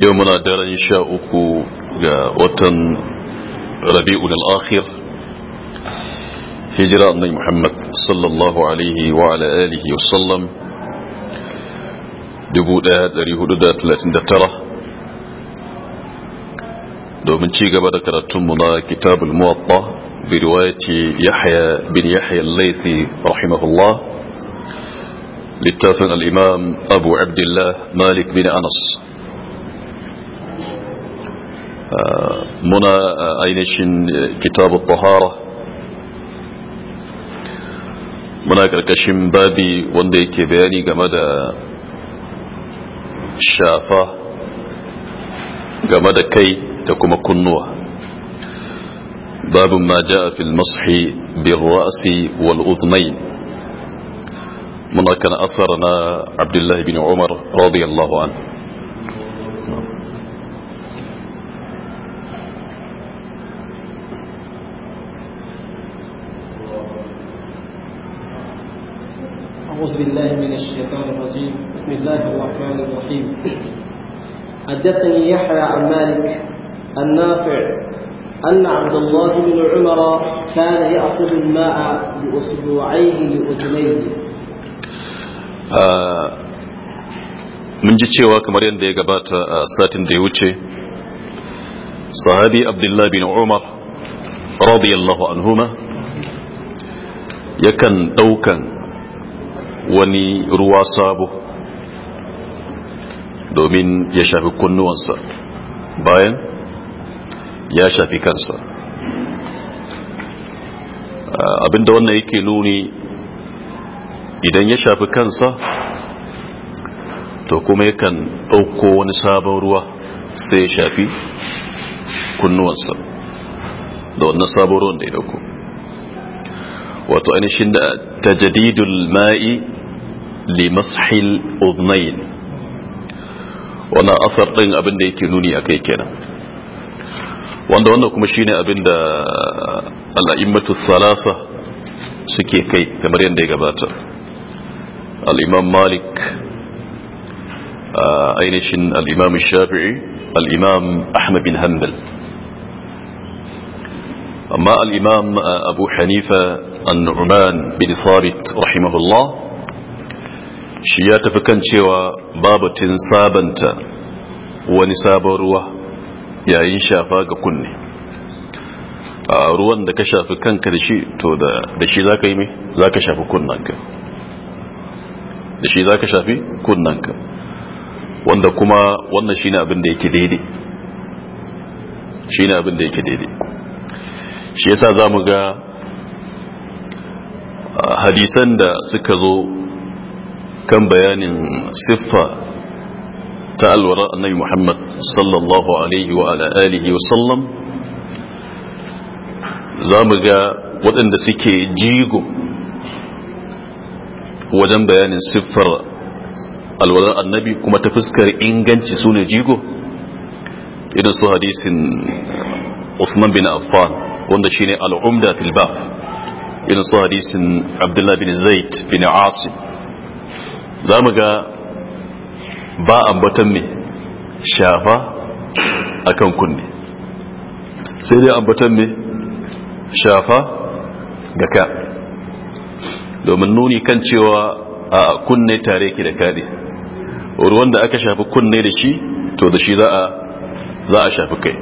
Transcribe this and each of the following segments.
yau muna daren sha uku ga watan rabi'ul al-akhir hijira annai muhammad sallallahu alaihi wa ala alihi wa sallam 1439 domin ci gaba da karatunmu na kitabul muwatta bi riwayati yahya bin yahya al-laythi rahimahullah littafin al-imam abu abdullah malik bin anas muna ainihin kitabu tahara muna karkashin babi wanda yake bayani game da shafa game da kai da kuma kunnuwa babin ma ja fil mashi bin ra'asi wal udnain muna kan asar na abdullahi bin umar radiyallahu anhu بالله من الشيطان الرجيم بسم الله الرحمن الرحيم حدثني يحيى عن مالك النافع أن عبد الله بن عمر كان يأخذ الماء بأصبعيه لأذنيه آه، من جيتشي وكما كمار يندي غبات ساتين دي آه، وچي صحابي عبد الله بن عمر رضي الله عنهما يكن دوكن wani ruwa sabo domin ya shafi kunnuwansa bayan ya shafi kansa abinda wannan yake nuni idan ya shafi kansa to kuma yakan ɗauko wani sabon ruwa sai ya shafi kunnuwansa da wannan sabon ruwan da ya ɗauko wato ainihin da tajadidul ma'i لمسح الاذنين وانا اثر دين ابن دي نوني اكي كنا وانا وانا كما شيني ابن دا الائمة الثلاثة سكي كي كمرين دي قباتا الامام مالك آه، اينشن الامام الشافعي الامام احمد بن هنبل اما الامام آه، ابو حنيفة النعمان بن ثابت رحمه الله shi ya tafi kan cewa babatin sabanta wani sabon ruwa yayin shafa ga kunne a ruwan da ka shafi kanka da shi to da shi za ka yi mai za ka shafi kunnanka da shi za ka shafi kunnanka wanda kuma wannan shi ne abin da yake daidai shi ne abin da yake daidai shi yasa za mu ga hadisan da suka zo kan bayanin siffa ta alwara annabi Muhammad sallallahu alaihi wa ala alihi wa sallam za mu ga waɗanda suke jigo wajen bayanin siffar alwara annabi kuma ta fuskar inganci su ne jigo irin su hadisin Usman bin Affan wanda shine al'umda fil bab irin su hadisin Abdullah bin Zaid bin Asim za mu ga ba ambatan me shafa a kan kunne sai dai ambatan me shafa ga ka domin nuni kan cewa a kunne tare ki da kaɗe ruwan da aka shafi kunne da shi to da shi za a shafi kai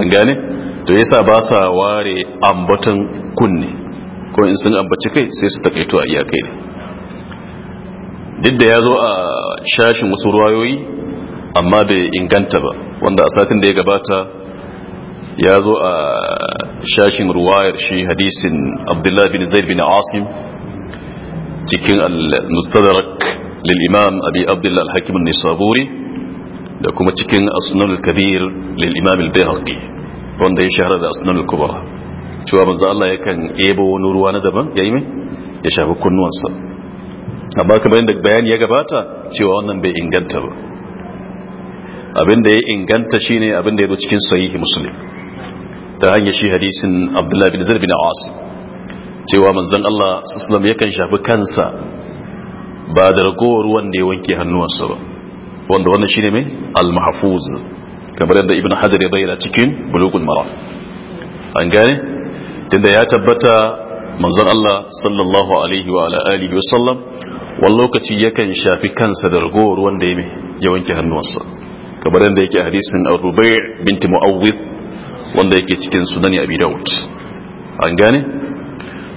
an gane to yasa ba sa ware ambatan kunne ko in sun ambaci kai sai su takaito a iyakai ne duk da ya zo a shashin wasu ruwayoyi amma bai inganta ba wanda a satin da ya gabata ya zo a shashin ruwayar shi hadisin abdullahi bin zaid bin asim cikin al-mustadrak lil imam abi abdullahi al-hakim an-nisaburi da kuma cikin asnan al-kabir lil imam al-bayhaqi wanda ya shahara da asnan al-kubra cewa manzo Allah yakan ebo wani ruwa na daban yayi mai ya shafi kunnuwansa amma kamar yadda bayani ya gabata cewa wannan bai inganta ba abin da ya inganta shi abin da ya zo cikin sahihi Musulmi. ta hanyar shi hadisin abdullahi bin zarbi bin wasu cewa manzan Allah sallallahu ya yakan shafi kansa ba da ragowar wanda ya wanke hannuwansa ba wanda wannan shi ne mai al-mahfuz kamar yadda ibn hajar ya bayyana cikin bulugun mara. an gane tunda ya tabbata manzan Allah sallallahu alaihi wa ala alihi wa sallam wani lokaci yakan shafi kansa da ragowar wanda ya wanke hannuwansa kamar yadda yake hadisin al-rubai binti mu'awwid wanda yake cikin sunani abi daud an gane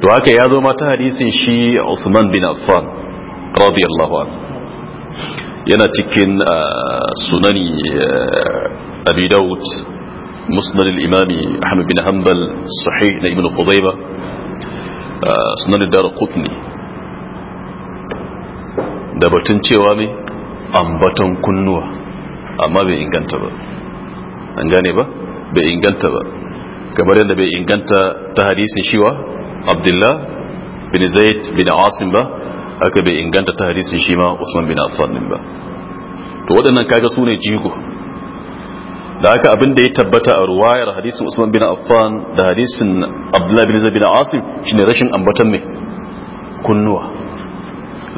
to haka ya zo mata hadisin shi Usman bin Affan radiyallahu anhu yana cikin ah, sunani eh, abi daud musnad al-imami ahmad bin hanbal sahih na ibn khudayba ah, sunan ad-darqutni da batun cewa mai ambaton kunnuwa amma bai inganta ba an gane ba bai inganta ba kamar yadda bai inganta ta hadisin shiwa abdullah bin zaid bin asim ba haka bai inganta ta hadisin shi ma usman bin affan ba to waɗannan kaga su ne jigo da haka abin da ya tabbata a ruwayar hadisin usman bin affan da hadisin abdullah bin zaid bin asim shine rashin ambatan mai kunnuwa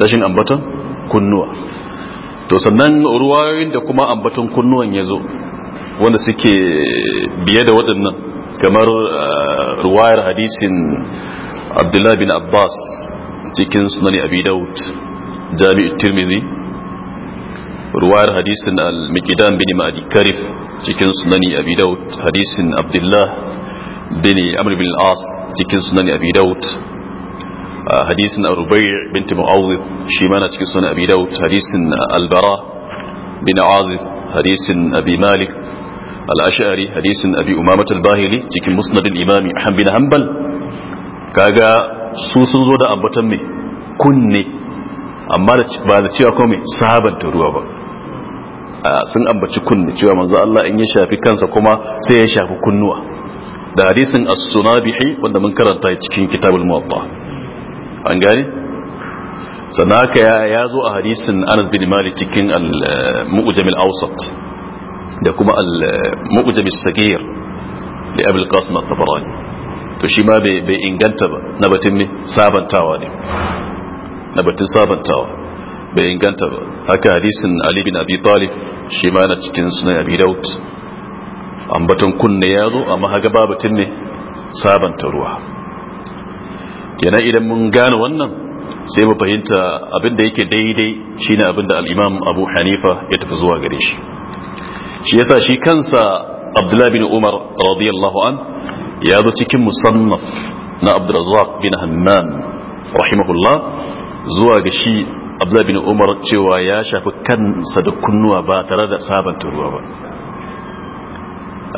rashin ambatan kunnuwa to sannan ruwayoyin da kuma ambaton kunnuwan ya zo wanda suke biye da waɗannan kamar eh, ruwayar hadisin abdullahi bin abbas cikin sunani abi daud jami'ar tirmidhi ruwayar hadisin al-mikidan bin ma'adi karif cikin sunani abi daud hadisin Abdullahi bin amr bin al-as cikin sunani abi daud hadisin rubai binti mu'awid shi mana cikin sunan abi daud hadisin albara bin azib hadisin abi malik al-ash'ari hadisin abi umamat al-bahili cikin musnadin imami ahmad bin hanbal kaga su sun zo da ambatan me kunne amma ba da cewa kuma sabanta ruwa ba sun ambaci kunne cewa manzo Allah in ya shafi kansa kuma sai ya shafi kunnuwa da hadisin as-sunabihi wanda mun karanta cikin kitabul muwatta an gane sannan haka ya zo a hadisin anas bin malik cikin al-mu'jam al-awsat da kuma al-mu'jam al saghir da abul qasim at-tabarani to shi ma bai inganta ba na batun ne sabantawa ne na batun sabantawa bai inganta ba haka hadisin ali bin abi talib shi ma na cikin sunan abi daud ambaton kunne ya zo amma haga babatun ne sabanta ruwa kenan idan mun gane wannan sai mu fahimta abin da yake daidai shine abin da al-imam abu hanifa ya tafi zuwa gare shi shi yasa shi kansa abdullahi bin umar radiyallahu an ya zo cikin musannaf na abdurrazzaq bin hammam rahimahullah zuwa ga shi abdullahi bin umar cewa ya shafi kansa da kunnuwa ba tare da sabanta ruwa ba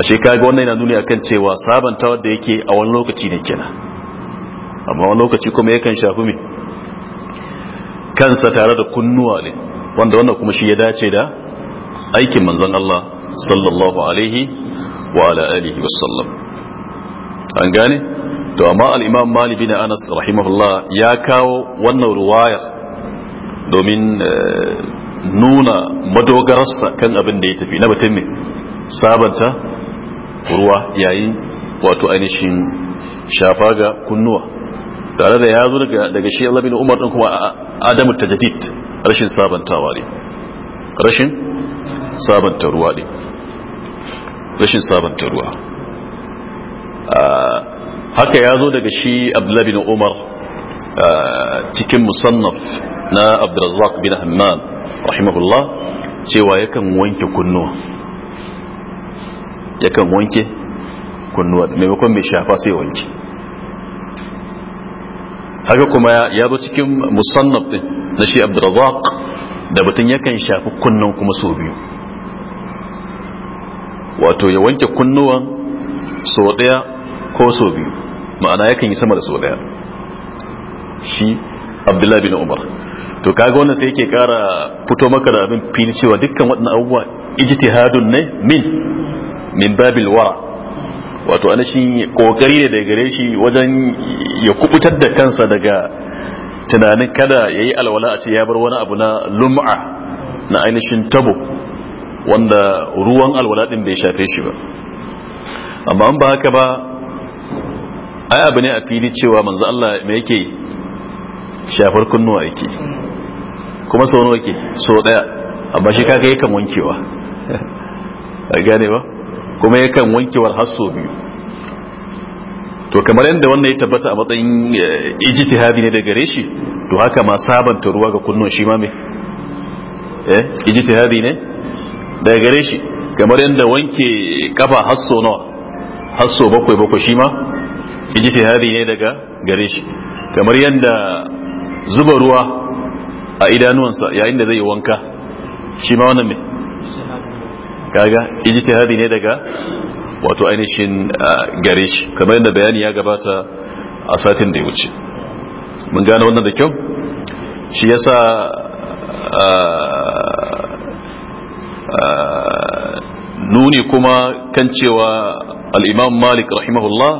ashe kaga wannan yana nuni akan cewa sabanta wanda yake a wani lokaci ne kenan amma wani lokaci kuma yakan shafi mai kansa tare da kunnuwa ne wanda wannan kuma shi ya dace da aikin manzon Allah sallallahu alaihi wa ala alihi wasallam an gane to amma al-imam Malik bin Anas rahimahullah ya kawo wannan ruwaya domin eh, nuna madogararsa kan abin da ya tafi na batun ne sabanta ruwa yayin wato ainihin shafa ga kunnuwa tare da ya zo daga shi Allah bin Umar din kuma Adamu tajaddid rashin sabantawa ne rashin sabanta ruwa ne rashin sabanta ruwa haka ya zo daga shi Abdullah bin Umar cikin musannaf na Abdurrazzaq bin Hammam rahimahullah cewa yakan wanke kunnuwa yakan wanke kunnuwa maimakon mai shafa sai wanke haka kuma ya zo cikin musannaf din na shi abdurrazzaq da batun yakan shafi kunnan kuma so biyu wato ya wanke kunnuwan so daya ko so biyu ma'ana yakan yi sama da so daya shi abdullahi bin umar to kaga wannan sai yake kara fito maka da abin fili cewa dukkan waɗannan abubuwa ijtihadun ne min min babil wara wato anashin kokari ne daga gare shi wajen ya kubutar da kansa daga tunanin kada ya yi alwala a ce ya bar wani abu na lum'a na ainihin tabo wanda ruwan alwala din bai shafe shi ba amma an ba haka ba ai abu ne a fili cewa manzo Allah me yake shafar kunnuwa yake kuma sau nawa yake so daya amma shi kaga yakan wankewa a gane ba kuma yakan wankewar hasso biyu to kamar yadda wannan ya tabbata a matsayin eh, ijtihadi ne da gare shi to haka ma sabanta ruwa ga kunnon shi ma me eh ijtihadi ne da gare shi kamar yadda wanke kafa hasso nawa hasso bakwai bakwai shi ma ijtihadi ne daga gare shi kamar yadda zuba ruwa a idanuwansa yayin da zai yi wanka shi ma wannan me kaga ijtihadi ne daga wato ainihin gare shi kamar yadda bayani ya gabata a satin da ya wuce mun gane wannan da kyau shi yasa nuni kuma kan cewa al malik rahimahullah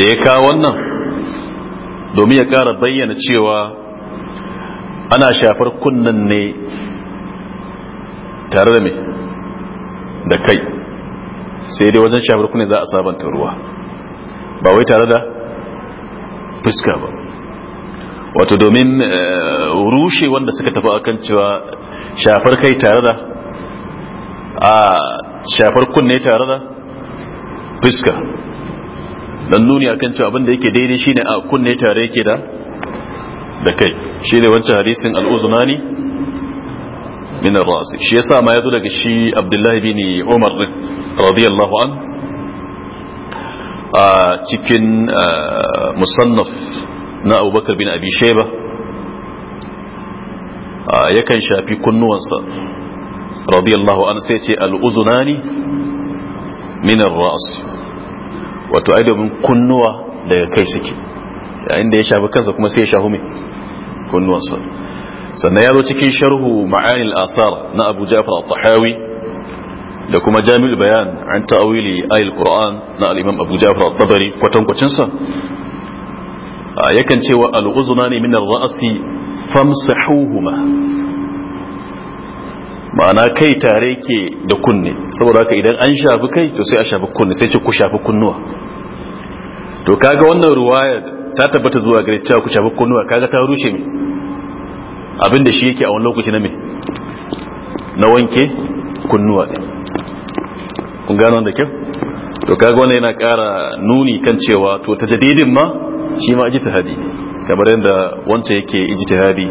da ya kawo wannan domin ya kara bayyana cewa ana shafar kunnan ne tare da me da kai sai dai wajen shafar ku ne za a sabanta ruwa ba wai tare da fuska ba wato domin eh, rushe wanda suka tafi akan cewa shafar kai tare da a shafar kunne tare da fuska dan nuni akan cewa abin da yake daidai shine a kunne tare yake da da kai shine wancan hadisin al'uzunani min ar-ras shi yasa ma yazo daga shi Abdullahi bin Umar radiyallahu an a cikin musannaf na Abubakar bin Abi yakan shafi kunnuwansa radiyallahu an sai ce al-uzunani min ar-ras wato ai domin kunnuwa daga kai suke yayin ya shafi kansa kuma sai ya shahu mai sannan ya zo cikin sharhu ma'anil asar na abu jafar al-tahawi da kuma jami'ul bayan an ta'awili ayil qur'an na al-imam abu jafar al-tabari kwatankwacin sa yakan cewa al ne min ar-ra'si famsahuhuma ma'ana kai tare ke da kunne saboda haka idan an shafi kai to sai a shafi kunne sai ce ku shafi kunnuwa to kaga wannan ruwayar ta tabbata zuwa gare cewa ku shafi kunnuwa kaga ta rushe mi abinda shi yake a wani lokaci na me na wanke kunnuwa ɗin kun gano da kyau to kaga wannan yana ƙara nuni kan cewa to ta jadidin ma shi ma ijtihadi kamar yadda wancan yake ijtihadi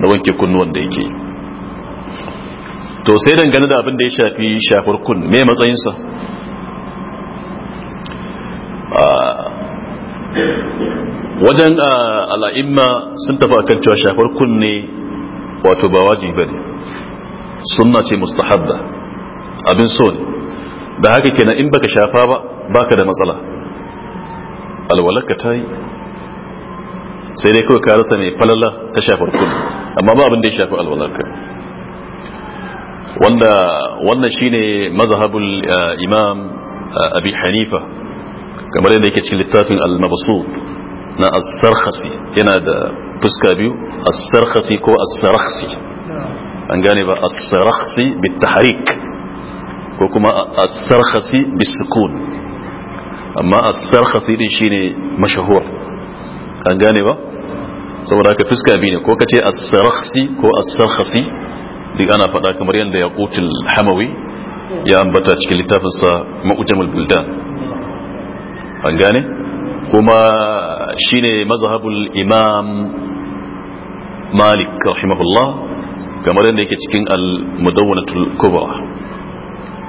na wanke kunnuwan da yake to sai dangane da abin da ya shafi shafar kun me matsayinsa wajen al'a'imma sun tafi akan cewa shafar kunne wato ba wajibi bane sunna ce mustahabba abin so ne da haka kenan in baka shafa ba baka da matsala alwalarka ta yi sai dai kawai ka rasa mai falala ta shafar kullu amma ba abin da ya shafi alwalarka wanda wannan shine mazhabul eh, imam eh, abi hanifa kamar yadda yake cikin littafin al-mabsut na as-sarkhasi yana da fuska biyu as-sarkhasi ko as-sarakhsi an gane ba as-sarakhsi bit tahrik ko kuma as-sarkhasi bis sukun amma as-sarkhasi din shine mashahur an gane ba saboda ka fuska biyu ne ko kace as-sarakhsi ko as-sarkhasi duk ana faɗa kamar yadda yaqutul hamawi ya ambata cikin littafinsa ma'ujamul buldan an gane kuma shine mazhabul imam malik rahimahullah kamar yadda yake cikin al-mudawwanatul kubra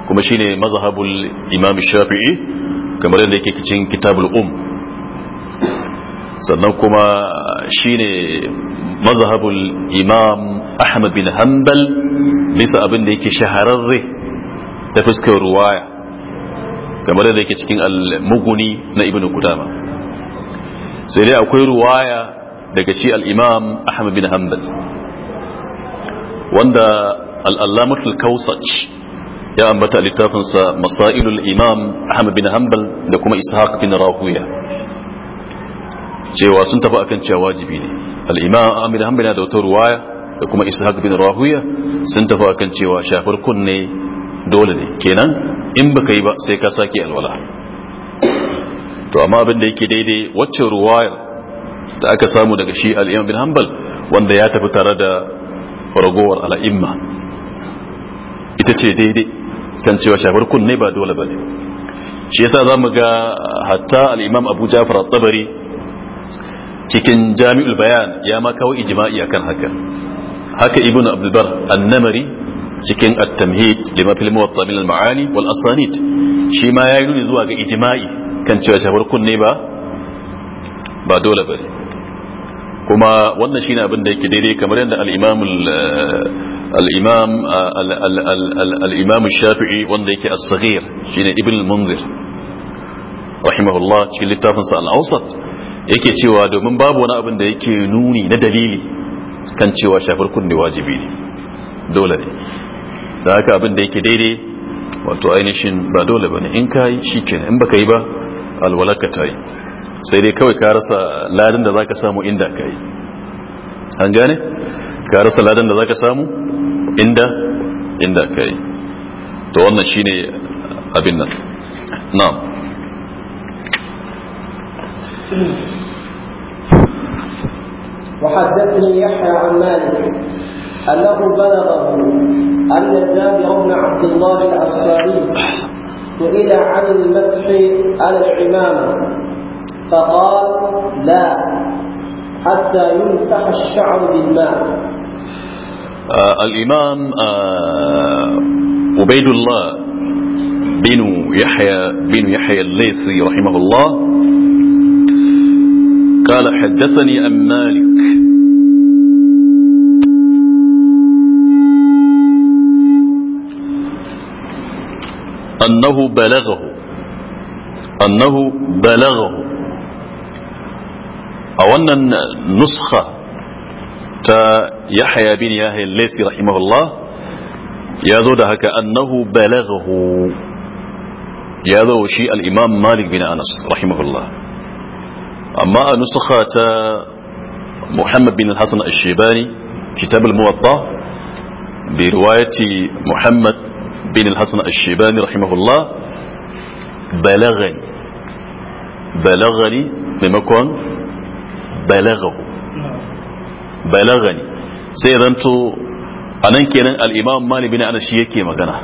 kuma shine mazhabul imam shafi'i kamar yadda yake cikin kitabul um sannan kuma shine mazhabul imam ahmad bin hanbal bisa abin da yake shahararre ta fuskar ruwaya kamar yadda yake cikin al Muguni na ibnu qudama sai dai akwai ruwaya daga shi al-imam ahmad bin hanbal wanda al-allamatul ya ambata a littafinsa masailul imam ahmad bin hanbal da kuma ishaq bin rahuya cewa sun tafi akan cewa wajibi ne al-imam ahmad bin hanbal da wata ruwaya da kuma ishaq bin rahuya sun tafi akan cewa shafar kunne dole ne kenan in baka yi ba sai ka sake alwala to amma abin da yake daidai wacce ruwayar da aka samu daga shi al'imam bin hanbal wanda ya tafi tare da ragowar al'imma ita ce daidai kan cewa shafar kunne ba dole ba ne shi yasa za mu ga hatta al'imam abu jafar tabari cikin jami'ul bayan ya ma kawo ijima'i akan haka haka ibn abdulbar annamari cikin at-tamhid lima fil muwatta min al-ma'ani wal asanid shi ma yayi nuni zuwa ga ijima'i. kan cewa shafar kunne ba ba dole bane kuma wannan shine abin da yake daidai kamar yadda al-imam eh, al-imam eh, al-imam shafi'i wanda yake as-saghir shine ibn al-munzir rahimahullah cikin littafin littafinsa al-awsat yake cewa domin babu wani abin da yake nuni na dalili kan cewa shafar kunne wajibi ne dole ne da haka abin da yake daidai wato ainihin ba dole ba ne in ka yi shi kenan in baka yi ba alwalaka ta yi sai dai kawai ka rasa ladan da za ka samu inda ka yi an gane ka rasa ladan da za ka samu inda inda ka yi to wannan shi ne abin nan na'am وحدثني يحيى عن مالك أنه بلغه أن جابر بن عبد الله الأنصاري سئل عن المسح على العمامة فقال لا حتى يمسح الشعر بالماء آه الإمام آه عبيد الله بن يحيى بن يحيى الليثي رحمه الله قال حدثني عن مالك أنه بلغه أنه بلغه أو أن نسخة يحيى بن ياهي الليسي رحمه الله يا كأنه هكا أنه بلغه يا شيء الإمام مالك بن أنس رحمه الله أما نسخة محمد بن الحسن الشيباني كتاب الموطأ برواية محمد bin al-hasan ash-shibani rahimahullah balaghani balaghani maimakon balaghahu balaghani sai zanto anan kenan al'ima imam malik bin anas shi yake magana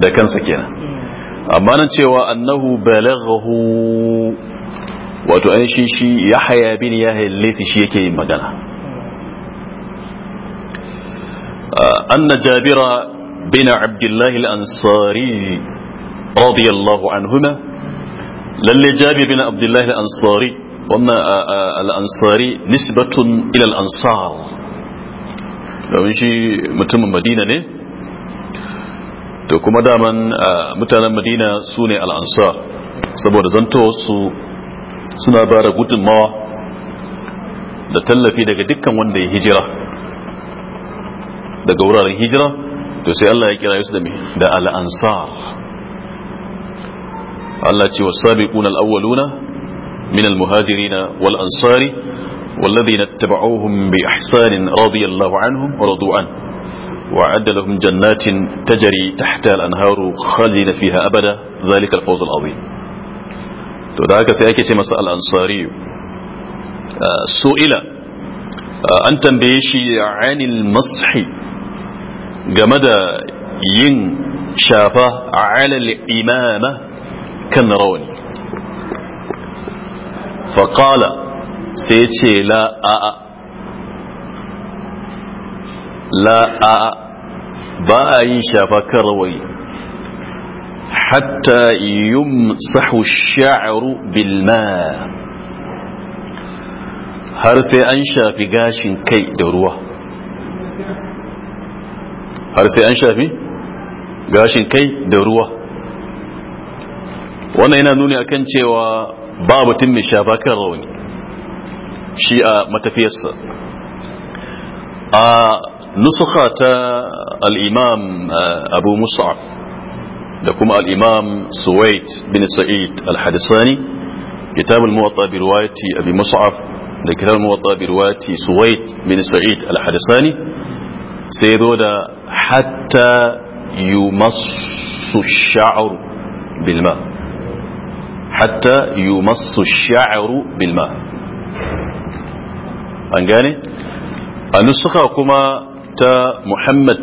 da kansa kenan amma nan cewa annahu balaghahu wato an shi shi yahya bin yahya lisi shi yake yin magana أن جابر بن عبد الله الأنصاري رضي الله عنهما للي جابر بن عبد الله الأنصاري وأن الأنصاري نسبة إلى الأنصار domin shi mutumin madina ne da kuma daman mutanen madina su ne al'ansar saboda zantowarsu suna ba da gudunmawa da tallafi daga dukkan wanda ya hijira daga wuraren hijira to sai Allah ya kira su da me da al-ansar Allah ce was-sabiquna al-awwaluna min al-muhajirin wal-ansari والذين اتبعوهم بإحسان رضي الله عنهم ورضوا عنه وأعد لهم جنات تجري تحتها الأنهار خالدين فيها أبدا ذلك الفوز العظيم to da haka sai ake ce masa al'ansari su'ila an tambaye shi anil mashi game da yin shafa alal imama kan rawani faƙala sai ce la'a'a la'a'a ba a yin shafa kan rawani hatta yumsahu sha'ru bilma har sai an shafi gashin kai da ruwa har sai an shafi gashin kai da ruwa wannan yana nuni akan cewa ba mutum mai shafa kan rauni shi a matafiyarsa a nusuka ta al'imam abu musa'af da kuma al'imam suwait bin sa'id al-hadisani kitab muwatta bi ruwayati abi musa'af da kitab muwatta bi ruwayati suwait bin sa'id al-hadisani sai zo da حتى يمص الشعر بالماء حتى يمص الشعر بالماء أنجاني النسخة كما تا محمد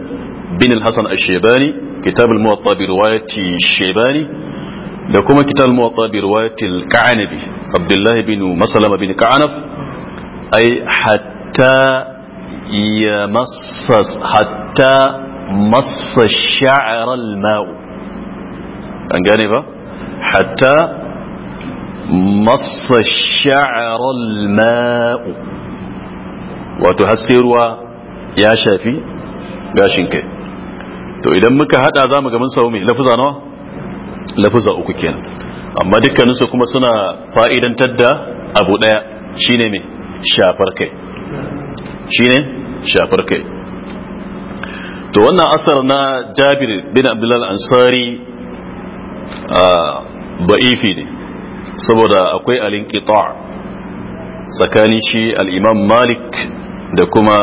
بن الحسن الشيباني كتاب الموطأ برواية الشيباني لكما كتاب الموطأ برواية الكعنبي عبد الله بن مسلم بن كعنب أي حتى ya massas hata massa sha'arar ma'u an ba hatta massa sha'arar ma'u wato ruwa ya gashin to idan muka hada za mu ga mun samu mai lafuza nawa lafuza uku kenan amma dukkaninsu kuma suna fa'idantar da abu daya shine mai shafar kai shine shafar kai to wannan asar na jabir bin abdullal ansari ba'ifi ne saboda akwai alinkita tsakanin shi al'imam malik da kuma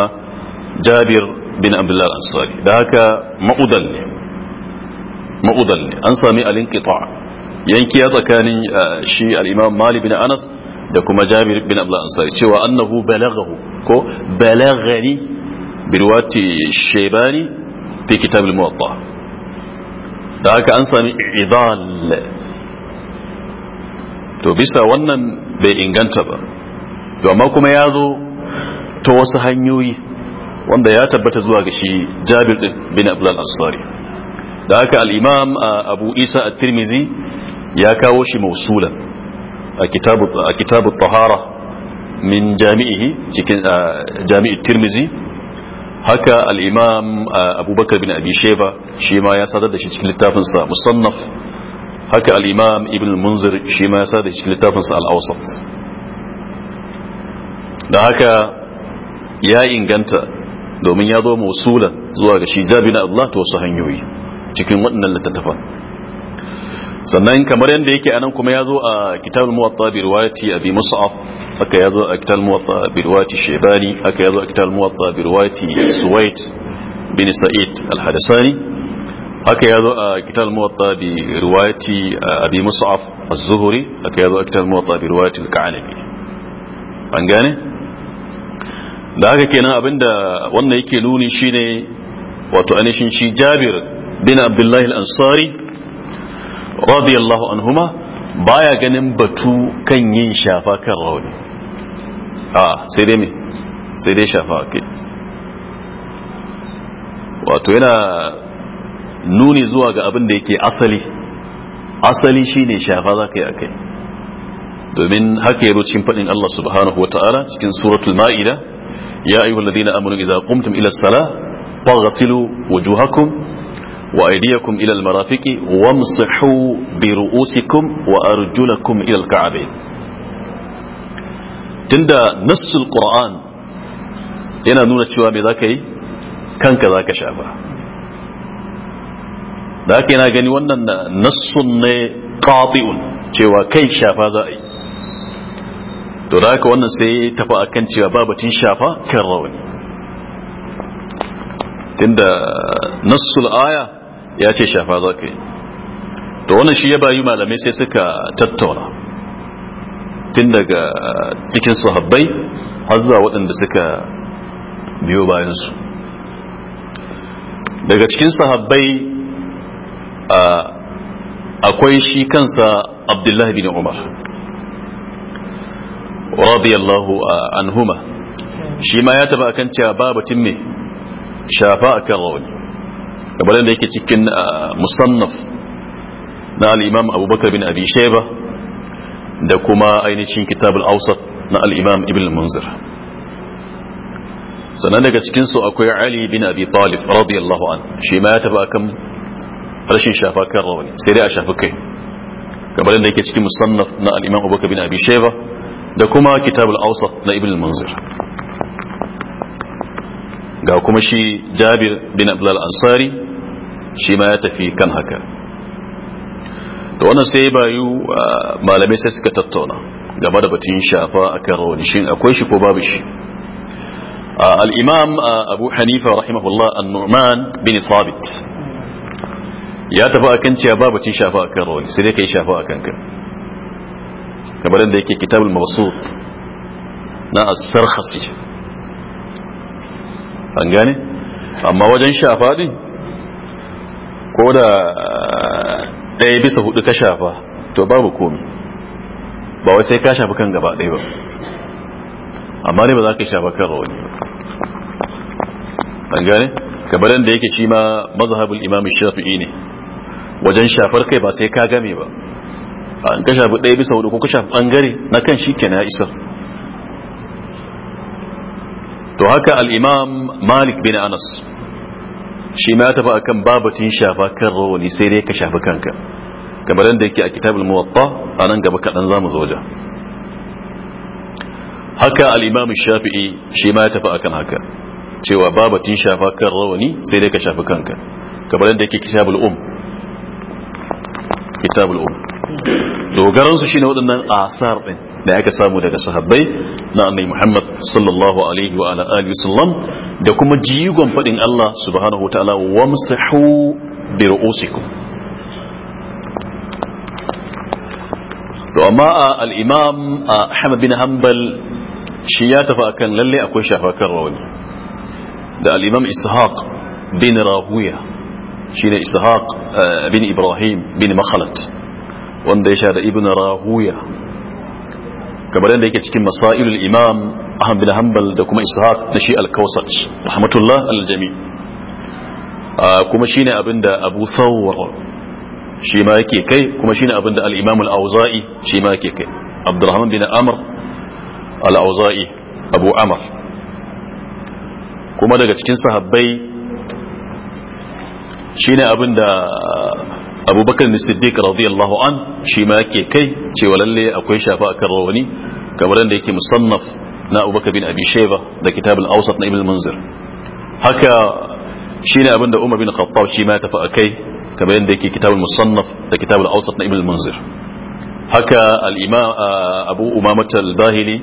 jabir bin abdullal ansari da haka ma'udal ne ma'udal ne an sami alinkita yanki tsakanin shi al'imam malik bin anas da kuma jabir bin abdullal ansari cewa annahu balaghahu ko balaghani birwati shebani fi kitab al-muwatta da haka an sami idal to bisa wannan bai inganta ba to amma kuma ya zo ta wasu hanyoyi wanda ya tabbata zuwa ga shi jabir bin abdul ansari da haka al-imam abu isa at-tirmizi ya kawo shi mausulan a kitabu tahara min jami'ihi cikin ah, jami'i tirmizi haka al ah, abubakar bin abi sheba shi ya sadar da shi cikin littafinsa musannaf haka al ibn munzir shi ma ya sadar da shi cikin littafinsa al da haka ya inganta domin ya zo mausulan zuwa ga shi jabi na Allah ta wasu hanyoyi cikin waɗannan littattafan sannan kamar yadda yake anan kuma ya zo a kitabul muwatta bi riwayati abi mus'ab haka ya zo a kitabul muwatta bi riwayati shaybani haka ya zo a kitabul muwatta bi riwayati suwait bin sa'id al-hadasani haka ya zo a kitabul muwatta bi riwayati uh, abi mus'ab az-zuhri haka ya zo a kitabul muwatta bi riwayati al-ka'anabi an gane da haka kenan abinda wannan yake nuni shine wato anishin shi Jabir bin Abdullah al-Ansari radiyallahu anhuma baya ganin batu kan yin shafa kan rauni a sai dai me sai dai shafa kai wato yana nuni zuwa ga abin da yake asali asali shine shafa za ka yi a kai domin haka yaro cikin faɗin Allah subhanahu wa ta'ala cikin suratul ma'ida ya ayyuhal ladina amanu idza qumtum ila as-salah faghsilu wujuhakum وأيديكم إلى المرافق وامسحوا wa وأرجلكم إلى الكعبين تند نص القرآن yana nuna cewa me za ka yi kanka za ka shafa da haka yana gani wannan nassun ne qati'un cewa kai shafa za a to da haka wannan sai ya tafi akan cewa babatin shafa kan rawani tunda nassul aya ya ce shafa za ka yi to wani shi ya bayu malamai sai suka tattauna tun daga cikin sahabbai har zuwa waɗanda suka biyo bayansu daga cikin sahabbai akwai shi kansa abdullahi bin umar radiyallahu anhuma shi ma ya taba kan cewa babatin me shafa akan rauni kamar da yake cikin ah, musannaf na al'imam abubakar bin abi sheba da kuma ainihin kitab al-awsat na al'imam ibn munzir sannan daga cikinsu akwai ali bin abi talif radiyallahu an shi ma ya taba kan rashin shafa kan rawani sai dai a shafi kai kamar da yake cikin musannaf na al'imam abubakar bin abi sheba da kuma kitab al na ibn munzir ga kuma shi jabir bin abdul ansari shi ma ya tafi kan haka da wannan sai bayu malamai sai suka tattauna game da batun shafa a kan rawani shin akwai shi ko babu shi al-imam abu hanifa rahimahullah an-nu'man bin sabit ya tafi akan cewa babu batun shafa a kan rawani sai dai kai shafa a kan ka kamar yadda yake kitabul mabsut na as-sarkhasi an gane amma wajen shafa din ko da eh, ɗaya bisa hudu ka shafa to babu komi ba wai sai ka shafa kan gaba ɗaya ba amma ne ba za ka shafa kan rawani. ba an gane kamar da yake shi ma mazhabul imam shafi'i ne wajen shafar kai ba sai ka game ba an ka shafi ɗaya bisa hudu ko ka shafi ɓangare na kan shi kenan ya isa to haka al-imam malik bin anas shi ma ya tafi akan babatin shafa kan rawani sai dai ka shafi kanka kamar yadda yake a kitabul muwatta a nan gaba kaɗan za mu zoja haka al'imamu shafi'i shi ma ya tafi akan haka cewa babatin shafa kan rawani sai dai ka shafi kanka kamar yadda yake kitabul um kitabul um dogaransu shine waɗannan asar ɗin da aka samu daga sahabbai na annai Muhammad sallallahu alaihi wa ala alihi wasallam da kuma jigon fadin Allah subhanahu wa ta'ala wa wamsahu bi ru'usikum to amma al-imam Ahmad bin Hanbal shi ya tafi akan lalle akwai shafakar rawani da al-imam Ishaq bin Rahuya shine Ishaq bin Ibrahim bin Makhalat wanda ya sha da ibn Rahuya kamar yadda yake cikin masailul imam ahmad bin hanbal da kuma ishaq na shi al-kawsaj rahmatullah al-jami kuma shine abin da abu thawr shi ma yake kai kuma shine abin da al-imam al-auza'i shi ma yake kai abdurrahman bin amr al-auza'i abu amr kuma daga cikin sahabbai shine abin da abubakar siddiq radiyallahu an shi ma yake kai cewa lalle akwai shafa kan rawani kamar da yake musannaf na abubakar bin abi shayba da kitabul awsat na ibn munzir haka shine abin da umar bin khattab shi ma tafi akai kamar yadda yake kitabul musannaf da kitabul awsat na ibn munzir haka al-imam abu umamat al-bahili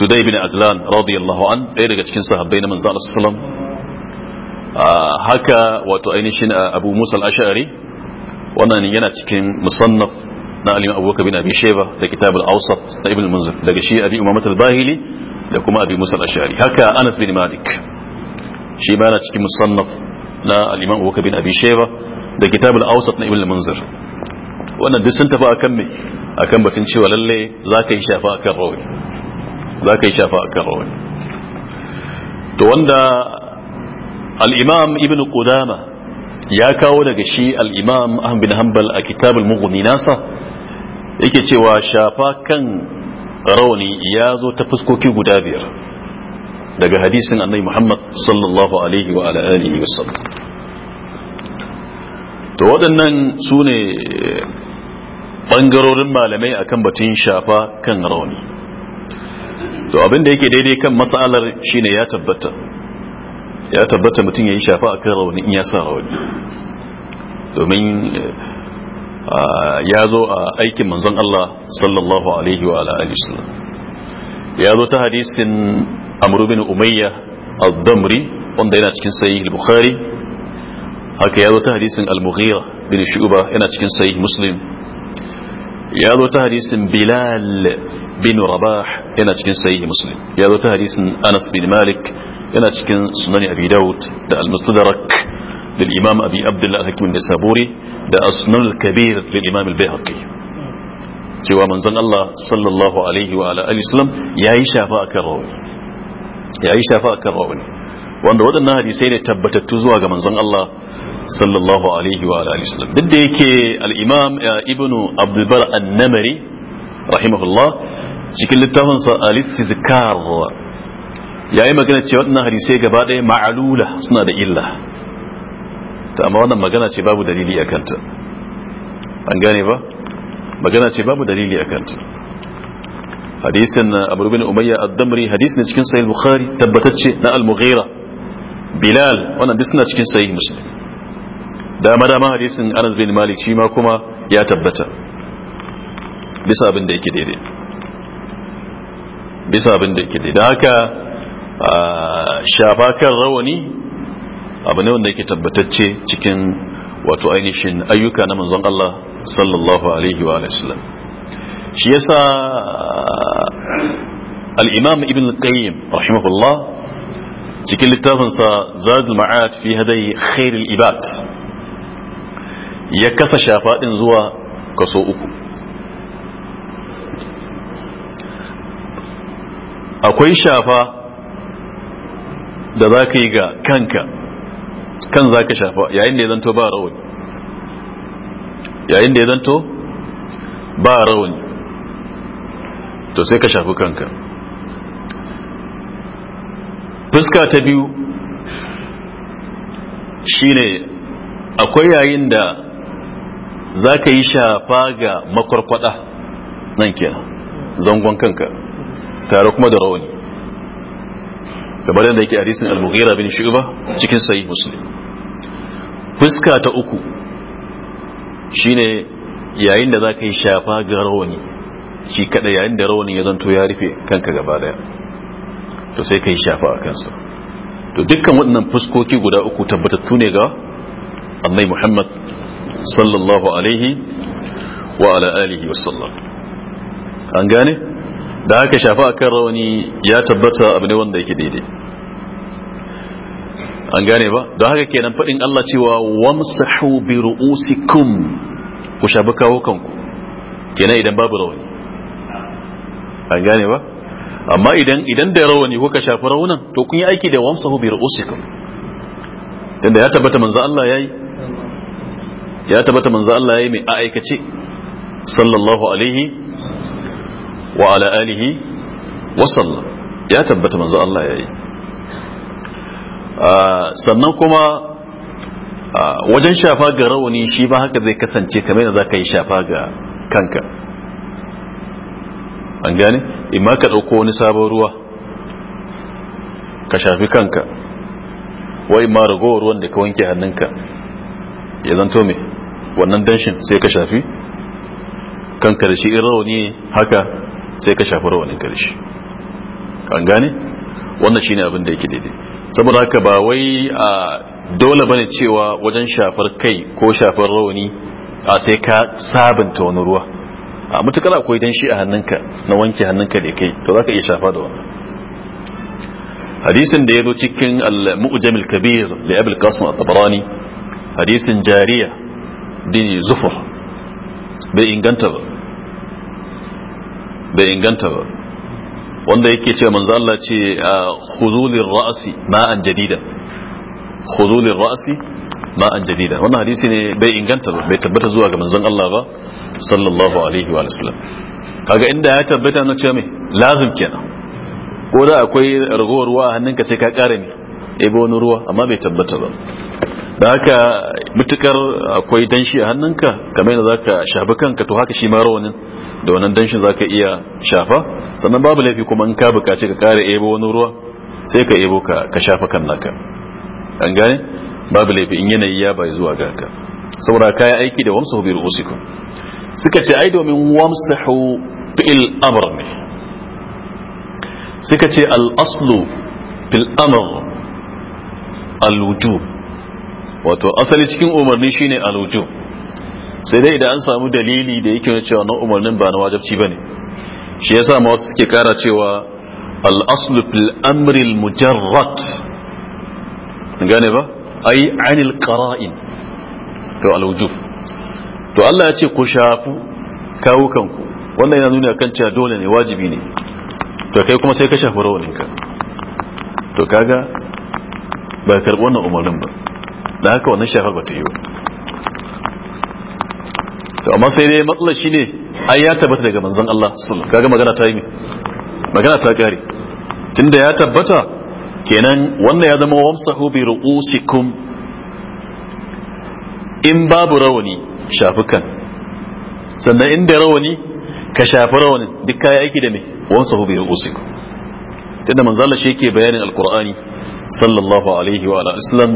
sudai bin azlan radiyallahu an ɗaya daga cikin sahabbai na manzo sallallahu alaihi wasallam haka wato ainihin abu musa al-ash'ari wannan yana cikin musannaf na alim abubakar bin abi sheba da kitab al-awsat na ibn munzir daga shi abi umamat al-bahili da kuma abi musa al-ashari haka anas bin malik shi ma yana cikin musannaf na alim abubakar bin abi sheba da kitab al-awsat na ibn munzir wannan duk sun tafi akan me akan batun cewa lalle zaka yi shafa akan rawi zaka yi shafa akan rawi to wanda al-imam ibn qudama ya kawo daga shi al'imam ahmad bin Hambal a kitabul mughni nasa yake cewa shafa kan rauni ya zo ta fuskoki guda biyar daga hadisin annai muhammad sallallahu alaihi wa alihi to waɗannan su ne eh, ɓangarorin malamai akan batun shafa kan rauni to abin da yake daidai kan matsalar shine ya tabbata ya tabbata mutum ya yi shafa a kan rauni in ya sa rauni domin ya zo a aikin manzon Allah sallallahu alaihi wa alihi wasallam ya zo ta hadisin amru bin umayya al-damri wanda yana cikin sahih al-bukhari haka ya zo ta hadisin al-mughira bin shu'ba yana cikin sahih muslim ya zo ta hadisin bilal bin rabah yana cikin sahih muslim ya zo ta hadisin anas bin malik yana cikin sunani abi daud da al-mustadrak lil imam abi abdullah hakim an-nisaburi da asnan al-kabir lil imam al-bayhaqi cewa manzon Allah sallallahu alaihi wa ala alihi wasallam yayi shafa akan rawani yayi shafa akan rawani wanda wadannan hadisai ne tabbatattu zuwa ga manzon Allah sallallahu alaihi wa ala alihi wasallam duk da yake al-imam eh, ibnu abdul bar an-namri rahimahullah cikin littafinsa al-istizkar yayi magana ce waɗannan hadisai gaba ɗaya ma'alula suna da illa ta amma wannan magana ce babu dalili a kanta an gane ba magana ce babu dalili a kanta hadisin abu rubin umayya ad-damri hadis ne cikin sahih bukhari tabbatacce na al-mughira bilal wannan duk suna cikin sahih muslim dama dama hadisin anas bin malik shi ma kuma ya tabbata bisa abin da yake daidai bisa abin da yake daidai haka kan rawani abu ne wanda yake tabbatacce cikin wato ainihin ayyuka na manzon Allah sallallahu alaihi wa sallam shi yasa al-imam ibn qayyim rahimahullah cikin littafinsa zadul ma'ad fi hadai khairul ibad ya kasa shafa din zuwa kaso uku akwai shafa da za ka yi ga kanka kan za ka shafa yayin da ya zanto ba rawani yayin da ya zanto ba rawani to sai ka shafi kanka fuska ta biyu shine akwai yayin da za ka yi shafa ga makwarkwada nan kenan zangon kanka tare kuma da rawani kamar yadda yake hadisin al-mughira bin shu'ba cikin sahih muslim fuska ta uku shine yayin da zaka yi shafa ga rawani shi kada yayin da rawani ya zanto ya rufe kanka gaba daya to sai kai shafa a kansa to dukkan waɗannan fuskoki guda uku tabbatattu ne ga annai muhammad sallallahu alaihi wa ala alihi wa sallam an gane da aka shafa a kan rawani ya tabbata abu ne wanda yake daidai an gane ba don haka kenan faɗin Allah cewa wamsahu bi ru'usikum ku shafi kawo kanku kenan idan babu rawani an gane ba amma idan idan da rawani kuka shafi raunan to kun yi aiki da wamsahu bi ru'usikum tunda ya tabbata manzo Allah yayi ya tabbata manzo Allah yayi mai a aikace sallallahu alaihi wa ala alihi wa sallam ya tabbata manzo Allah yayi ah, sannan kuma ah, wajen shafa ga rawani shi ba haka zai kasance kamar yadda zaka yi shafa ga kanka an gane imma ka dauko wani sabon ruwa ka shafi kanka wai ma ragowar ruwan da ka wanke hannunka ya zanto me wannan danshin sai ka shafi kanka da shi in rauni haka sai ka shafi rawanin karshe an gane wannan shine abin da yake daidai saboda haka ba wai a dole bane cewa wajen shafar kai ko shafar rawani a sai ka sabunta wani ruwa a mutukar akwai dan shi a hannunka na wanke hannunka da kai to zaka iya shafa da wannan hadisin da ya zo cikin al-mu'jam al-kabir li abul qasim at-tabarani hadisin jariya bin zufur bai inganta ba bai inganta ba wanda yake ce manzo Allah ce khuzulir ra'si ma'an jadida khuzulir ra'si ma'an jadida wannan hadisi ne bai inganta ba bai tabbata zuwa ga manzon Allah ba sallallahu alaihi wa sallam kaga inda ya tabbata na cewa me lazim kenan ko da akwai ragowar ruwa a hannunka sai ka kare ne ebo wani ruwa amma bai tabbata ba da haka mutukar akwai danshi a hannunka kamar yadda zaka shafi kanka to haka shi ma rawanin da wannan danshin zaka iya shafa sannan babu laifi kuma in ka bukaci ka kare ebo wani ruwa sai ka ebo ka ka shafa kan an gane babu laifi in yanayi ya bai zuwa ga ka saboda kaya aiki da wamsahu bi ru'usikum suka ce ai domin wamsahu fil amr ne suka ce al aslu fil amr al wujub wato asali cikin umarni shine alwujub sai dai idan an samu dalili da yake cewa na umarnin ba na wajibci bane shi yasa ma wasu suke kara cewa al-aslu fil amri al-mujarrad gane ba ai anil qara'in to alwujub to Allah ya ce ku shafu kawukanku kanku wannan yana nuna kan cewa dole ne wajibi ne to kai kuma sai ka shafi rawaninka to kaga ba karbi wannan umarnin ba da haka wannan shafar ba ta yi ba to amma sai dai matsalar shi ne ai ya tabbata daga manzon Allah sallallahu alaihi kaga magana ta yi magana ta kare tunda ya tabbata kenan wannan ya zama wamsahu bi ru'usikum in babu rawani shafukan sannan inda rawani ka shafi rawanin duk kayi aiki da me wamsahu bi ru'usikum tunda manzala Allah shi yake bayanin alqur'ani sallallahu alaihi wa alihi wasallam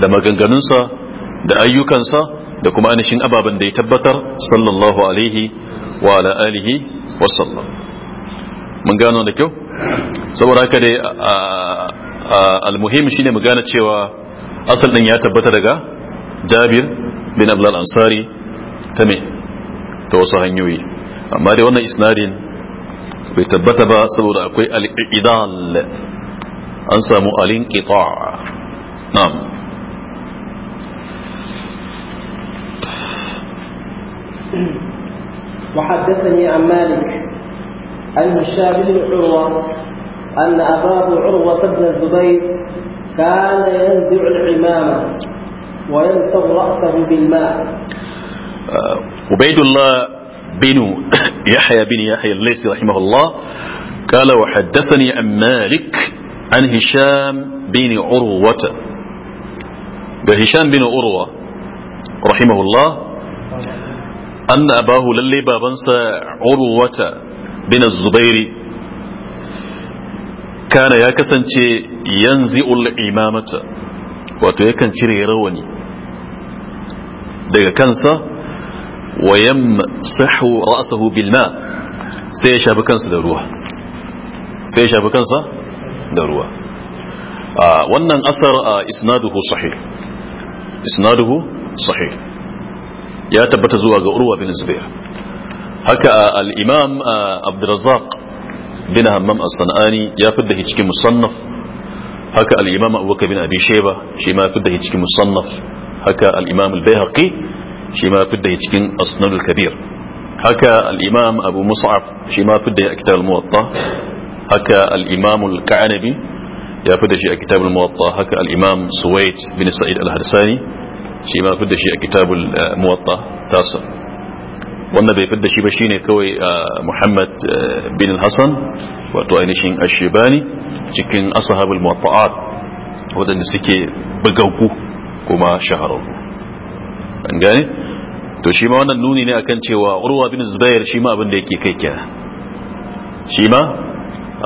da maganganunsa da ayyukansa da kuma ainihin ababen da ya tabbatar sallallahu alaihi wa ala alihi wa sallam mun gano da kyau saboda haka dai almuhim shine mu gane cewa asal din ya tabbata daga Jabir bin Abdul Ansari ta me ta wasu hanyoyi amma dai wannan isnadin bai tabbata ba saboda akwai al'idal an samu alin kita na'am وحدثني عن مالك عن هشام أن أباه عروة بن الزبير كان ينزع العمامة وينصب رأسه بالماء آه، عبيد الله بن يحيى بن يحيى الليثي رحمه الله قال وحدثني عن مالك عن هشام بن عروة هشام بن عروة رحمه الله أن أباه للي بابنسى عروة بن الزبير كان يا كسنتي ينزئ الإمامة وتيكن شري روني daga wa yamsahu ra'sahu bil ma sai ya shafi kansa da ruwa sai ya shafi kansa da ruwa wannan asar a isnaduhu sahih isnaduhu sahih ya tabbata zuwa ga urwa bin zubair haka al-imam abdurrazzaq bin hammam as-sanani ya fidda cikin musannaf haka al-imam abubakar bin abi shayba shi ma fidda cikin musannaf haka al-imam al-bayhaqi شيما فدى يتكين أسنان الكبير هكا الإمام أبو مصعب شيما فدى كتاب الموطة هكا الإمام الكعنبي يا فدى شيء كتاب الموطة هكا الإمام سويت بن سعيد الهرساني شيما فدى شيء كتاب الموطة تاسع والنبي فدى شيء بشيني كوي آه، محمد آه، بن الحسن وطوين شين الشيباني تكين أصحاب الموطعات ودن سكي بقوكو كما شهر an gane to shi ma wannan nuni ne akan cewa urwa bin zubair shi ma abin da yake kai kenan shi ma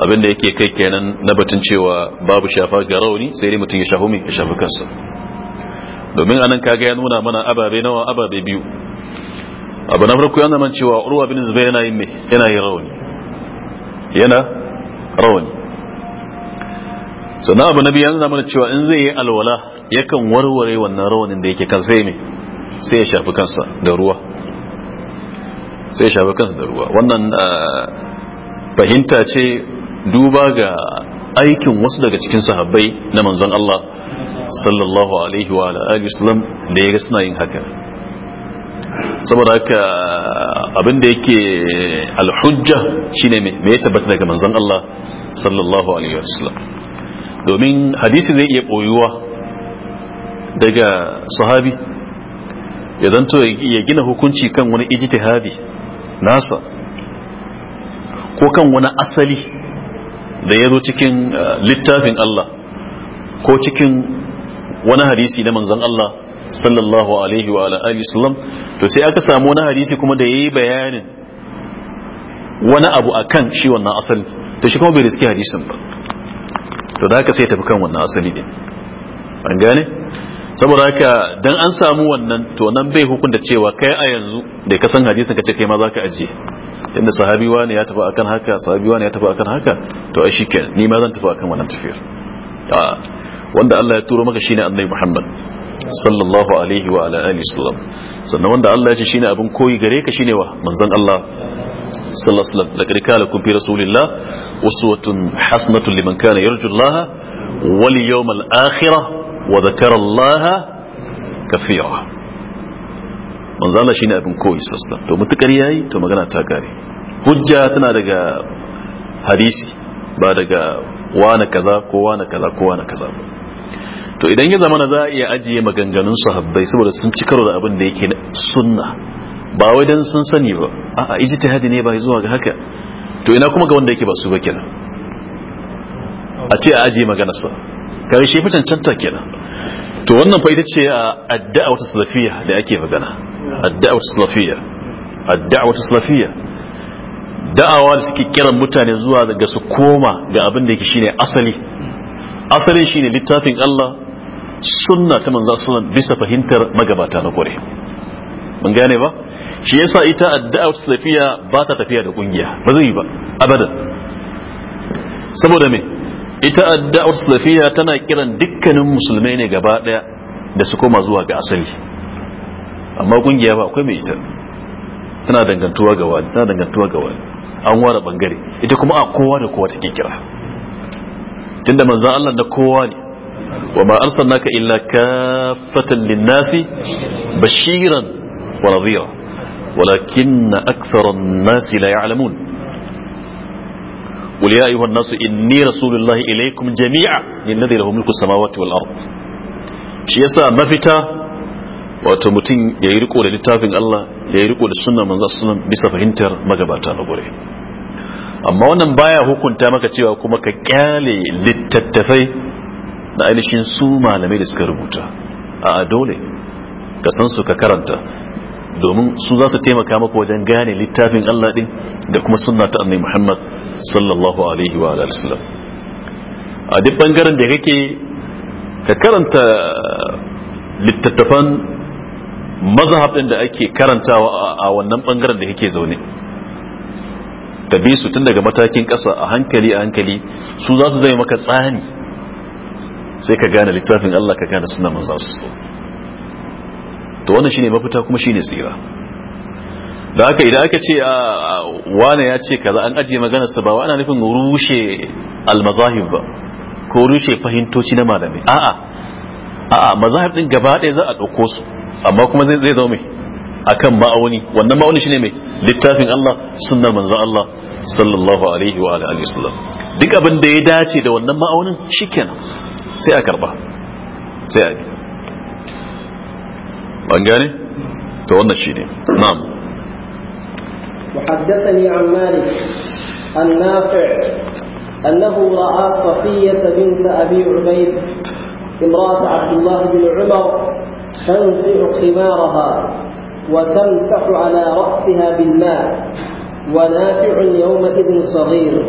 abin da yake kai kenan na batun cewa babu shafa ga rauni sai dai mutum ya shafu mai ya shafi kansa domin anan kaga ya nuna mana ababe nawa ababe biyu abu na farko yana man cewa urwa bin zubair yana yin me yana yin rauni yana rauni sannan abu na biyu yana mana cewa in zai yi alwala yakan warware wannan rawanin da yake kan sai me sai ya shafi kansa da ruwa sai ya shafi kansa da ruwa wannan ah, fahimta ce duba ga aikin wasu daga cikin sahabbai na manzon Allah sallallahu alaihi wa alihi wasallam da yake suna yin haka saboda haka ah, abin da yake alhujja shine me ya tabbata daga manzon Allah sallallahu alaihi wasallam domin hadisi zai iya boyuwa daga sahabi ya zanto ya gina hukunci kan wani ijtihadi nasa ko kan wani asali da ya zo cikin uh, littafin Allah ko cikin wani hadisi na manzan Allah sallallahu alaihi wa alihi sallam to sai aka samu wani hadisi kuma da yayi bayanin wani abu akan shi wannan asali to shi kuma bai riski hadisin ba to da haka sai tafi kan wannan asali din an gane saboda haka dan an samu wannan to nan bai hukunta cewa kai a yanzu da ka san hadisin ka ce kai ma zaka ajiye inda sahabi wani ya tafi akan haka sahabi wani ya tafi akan haka to ai shikenan ni ma zan tafi akan wannan tafiyar wanda Allah ya turo maka shine annabi Muhammad sallallahu alaihi wa ala alihi wasallam sannan wanda Allah ya ce shine abin koyi gare ka shine wa manzon Allah sallallahu alaihi wasallam laqad kana lakum fi rasulillah uswatun hasanatun liman kana yarju Allah wal yawmal akhirah wa zakara Allah kafira manzo shine abin koyi sassa to mutukar yayi to magana ta kare hujja tana daga hadisi ba daga wani kaza ko wani kaza ko wani kaza ba to idan ya zama za a iya ajiye maganganun sahabbai saboda sun ci karo da abin da yake sunna ba wai dan sun sani ba a'a tahadi ne ba zuwa ga haka to ina kuma ga wanda yake ba su ba kenan a ce a ajiye maganarsa kare shi fi cancanta kenan to wannan fa ita ce ah, addu'a ta salafiyya da ake magana addu'a salafiyya addu'a salafiyya da'awa da suke kiran mutane zuwa daga su koma ga abin da yake shine asali asalin shine littafin Allah sunna ta manzo sallallahu bisa fahimtar magabata na kore mun gane ba shi yasa ita addu'a salafiya ba ta tafiya da kungiya ba zai yi ba abada. saboda me ita adda'ar salafiya tana kiran dukkanin musulmai ne gaba daya da su koma zuwa ga asali amma kungiya ba akwai mai ita tana dangantuwa ga wani tana dangantuwa ga wani an ware bangare ita kuma a kowa da kowa take kira tunda manzon Allah na kowa ne wa ma arsalnaka illa kaffatan lin-nasi bashiran wa nadhira walakinna aktharan nasi la ya'lamun qul ya ayyuhan nasu inni rasulullahi ilaykum jami'a alladhi lahu mulku samawati wal ard shi yasa mafita wato mutum ya yi riko da littafin Allah ya yi riko da sunnar sunan bisa fahimtar magabata na gore amma wannan baya hukunta maka cewa kuma ka kyale littattafai na ainihin su malamai da suka rubuta A'a dole ka san su ka karanta domin su za su taimaka maka wajen gane littafin Allah din da kuma sunna ta annabi Muhammad sallallahu alaihi wa alihi wasallam a duk bangaren da kake ka karanta littattafan mazhab din da ake karantawa a wannan bangaren da kake zaune ta bi su tun daga matakin kasa a hankali a hankali su za su zai maka tsani sai ka gane littafin Allah ka gane sunan manzon sallallahu to wannan shine mafita kuma shine tsira da haka idan aka ce a wane ya ce kaza an ajiye maganarsa ba ana nufin rushe almazahib ba ko rushe fahimtoci na malamai a'a a'a mazahib din gaba ɗaya za a ɗauko su amma kuma zai zama mai akan ma'auni wannan ma'auni shine mai littafin Allah sunnar Allah sallallahu alaihi wa alihi wasallam duk abin da ya dace da wannan ma'aunin shikenan sai a karba sai a bi an gane to wannan na'am وحدثني عن مالك النافع أنه رأى صفية بنت أبي عبيد امرأة عبد الله بن عمر تنزع خمارها وتمسح على رأسها بالماء ونافع يومئذ صغير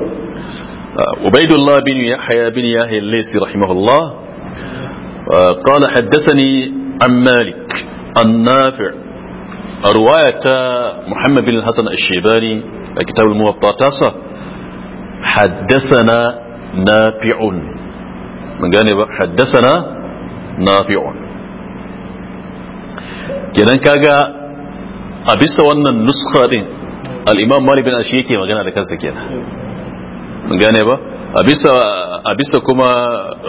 آه، عبيد الله بن يحيى بن يحيى الليسي رحمه الله آه، قال حدثني عن مالك النافع رواية محمد بن الحسن الشيباني كتاب الموطأ تاسع حدثنا نافع من جانب حدثنا نافع kenan kaga a bisa wannan nuskha din al-imam malik bin ashi yake magana da kansa kenan mun gane ba a bisa a bisa kuma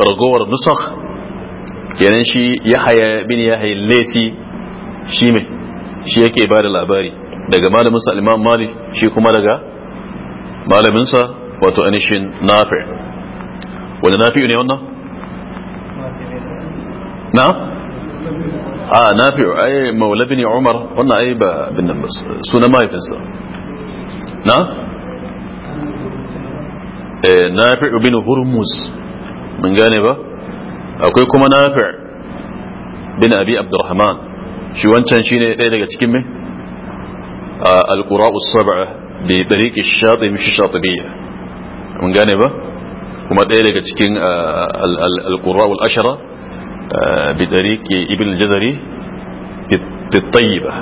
ragowar nusakh kenan shi yahaya bin yahya lesi shi ne shi yake ba da labari daga malaminsa imam malik shi kuma daga malaminsa wato anishin nafi Wani nafi ne wannan na a nafi ai maula bin umar wannan ai ba bin nan sunan mahaifinsa na eh, nafi bin hurmus mun gane ba akwai kuma nafi bin abi abdurrahman shi wancan shine ɗaya daga cikin mai alƙura'u saba'a bi ɗariƙi shaɗi mishi shaɗibiyya mun gane ba kuma ɗaya daga cikin alƙura'u ashara bi ɗariƙi ibn jazari fitayi ba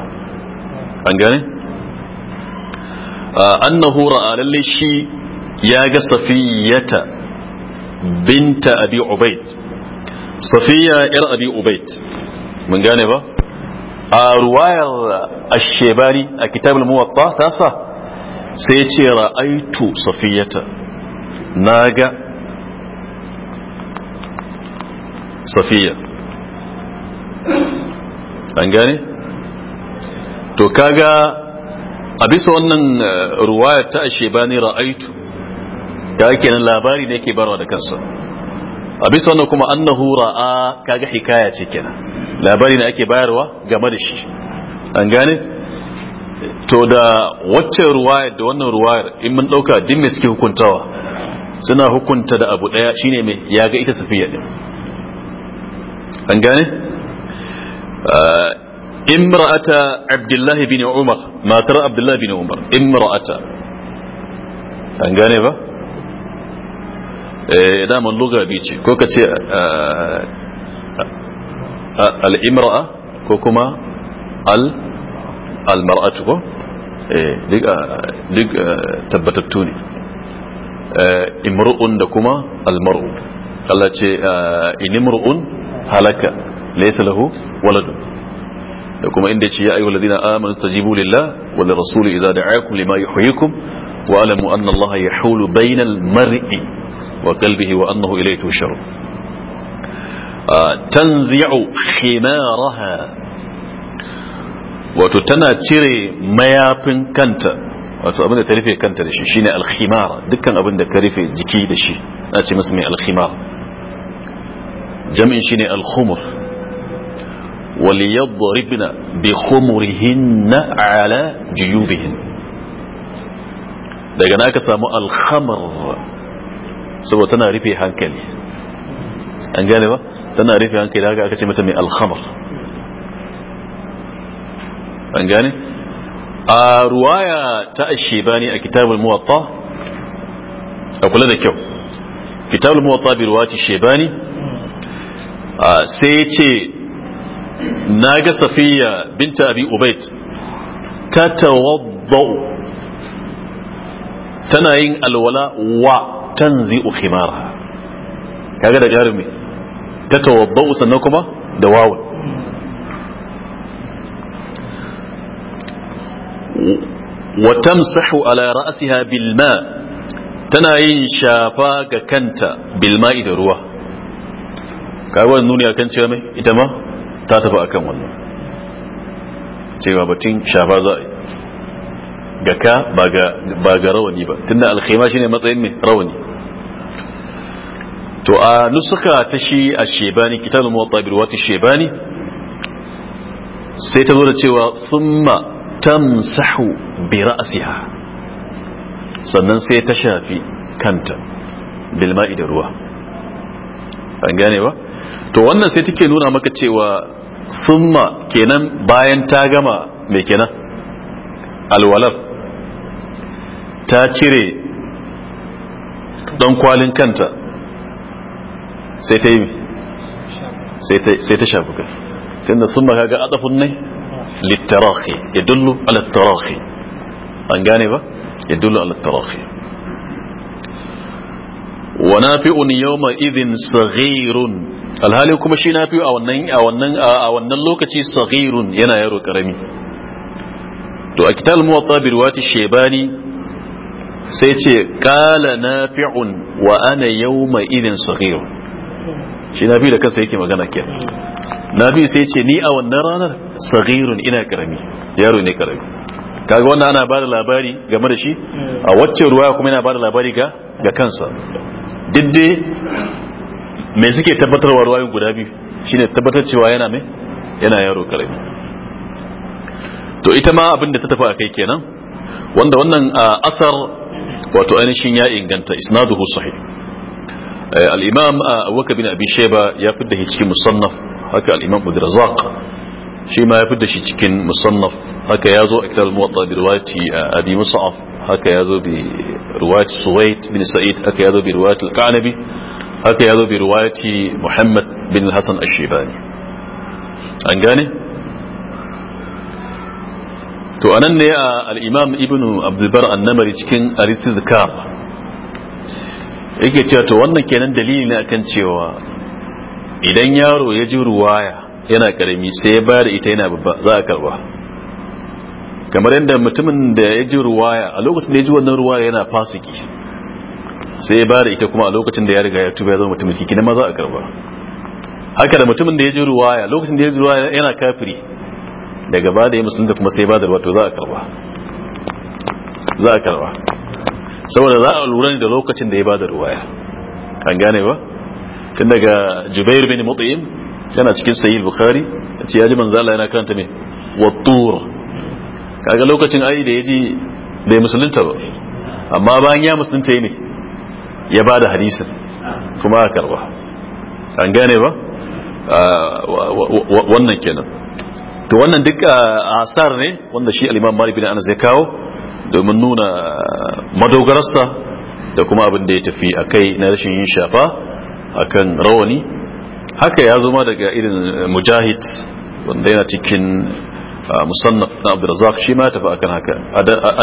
an gane an na hura a lalle shi ya ga safiyata binta abi ubaid safiya yar abi ubaid mun gane ba a ruwayar ashebari a kitabul muwatta sa sai ya ce ra'aitu safiyata na ga safiya an gane to kaga a bisa wannan eh, ruwayar ta ashebani ra'aitu ga nan labari ne ke barwa da kansa a bisa wannan kuma annahu ra'a kaga hikaya ce kenan labari ne ake bayarwa game da shi an gane to da wacce ruwaya da wannan ruwayar in mun dauka din me suke hukuntawa suna hukunta da abu daya shine me ya ga ita safiya din an gane eh, imra'ata abdullahi bin umar matar abdullahi bin umar imra'ata an gane ba Eh, daman luga bi ce ko ka ce eh, eh, al'imra'a ko kuma al-mar'atu ko duk tabbatattu ne imru'un da kuma al-mar'u Allah ce inimru'un halaka laysa lahu waladun da kuma inda ce ya ayyuhal ladina amanu stajibu lillah wal rasul idza da'akum lima yuhyikum wa alamu anna Allah yahulu bainal mar'i وقلبه وأنه إليه تشر تنزع خمارها وتتنا تري مياب كنت wato abin da ta rufe kanta da shi shine alkhimar dukkan abin da ka rufe jiki da shi na ce masa mai alkhimar jami'in shine alkhumur wal yadribna bi khumurihinna ala juyubihin daga na ka samu alkhamar saboda tana rufe hankali an gane ba tana rufe hankali haka aka ce mata mai alkhamar an gane a ruwaya ta ashebani a kitabul muwatta a kula da kyau kitabul muwatta bi ruwati shebani sai ce na ga safiya binta abi ubaid ta tawaddau tana yin alwala wa tanzi'u khimara kaga da ƙarin me ta tawabbu sannan kuma da wawun wa tamsahu ala ra'siha bil ma tana yin shafa ga kanta bil ma'i da ruwa kaga wannan nuni akan cewa mai ita ma ta tafi akan wannan cewa batun shafa za ga ka ba ga rawani ba tunda alkhaima shine matsayin mai rawani to a nusuka ta shi a shebani kitabu muwatta bil shebani sai ta zo da cewa thumma tamsahu bi ra'siha sannan sai ta shafi kanta bil ma'i da ruwa an gane ba to wannan sai take nuna maka cewa thumma kenan bayan ta gama mai kenan alwalar ta cire dan kwalin kanta sai ta yi sai ta shafi Sai tunda sun maka ga adafin ne littarafi ya dullu alittarafi an gane ba ya dullu alittarafi wa nafi'un yawma idhin saghirun alhali kuma shi na a wannan a wannan lokaci saghirun yana yaro karami to a kitab al-muwatta bi riwayati shaybani sai ce kala na fi'un wa ana mai idin saghir shi nafi da kansa yake magana ke nafi sai ce ni a wannan ranar saghirun ina karami yaro ne karami kaga wannan ana bada labari game da shi hmm. a wacce ruwa kuma yana bada labari ga ga kansa didde me suke tabbatarwa ruwayoyin guda biyu shine tabbatar cewa yana mai yana yaro karami to ita ma abin da ta tafi a kai kenan wanda wannan asar wato ainihin ya inganta isnaduhu sahih eh, al-imam ah, abubakar bin abi sheba ya fidda shi cikin musannaf haka al-imam ibn razaq shi ma ya fidda shi cikin musannaf haka ya zo ikral muwatta bi riwayati ah, abi mus'af haka ya zo bi riwayati suwayt bin sa'id haka ya zo bi riwayati al-qanabi haka ya zo bi riwayati muhammad bin hasan ash-shibani an gane to anan ne al-imam ibnu abdulbar annamari cikin aristizkar yake cewa to wannan kenan dalili ne akan cewa idan yaro ya ji ruwaya yana karami sai ya bayar ita yana babba za a karba kamar yadda mutumin da ya ji ruwaya a lokacin da ya ji wannan ruwaya yana fasiki sai ya bayar ita kuma a lokacin da ya riga ya tuba ya zama mutumin kiki na ma za a karba haka da mutumin da ya ji ruwaya lokacin da ya ji ruwaya yana kafiri daga ba da ya musulunta kuma sai ba da to za a karba za a karba saboda za a lura da lokacin da ya ba da ruwaya an gane ba tun daga jubair bin mutu'im yana cikin sayi bukhari a ce ya ji manzo Allah yana karanta me wattur kaga lokacin ai da yaji ya musulunta ba amma bayan ya musulunta ne ya ba da hadisin kuma a karba an gane ba ah, wannan kenan to wannan duk asar ne wanda shi al-imam malik bin anas ya kawo domin nuna madogararsa da kuma abin da ya tafi akai na rashin yin shafa akan rawani haka ya zo ma daga irin mujahid wanda yana cikin musannaf na abdurrazzaq shi ma tafi akan haka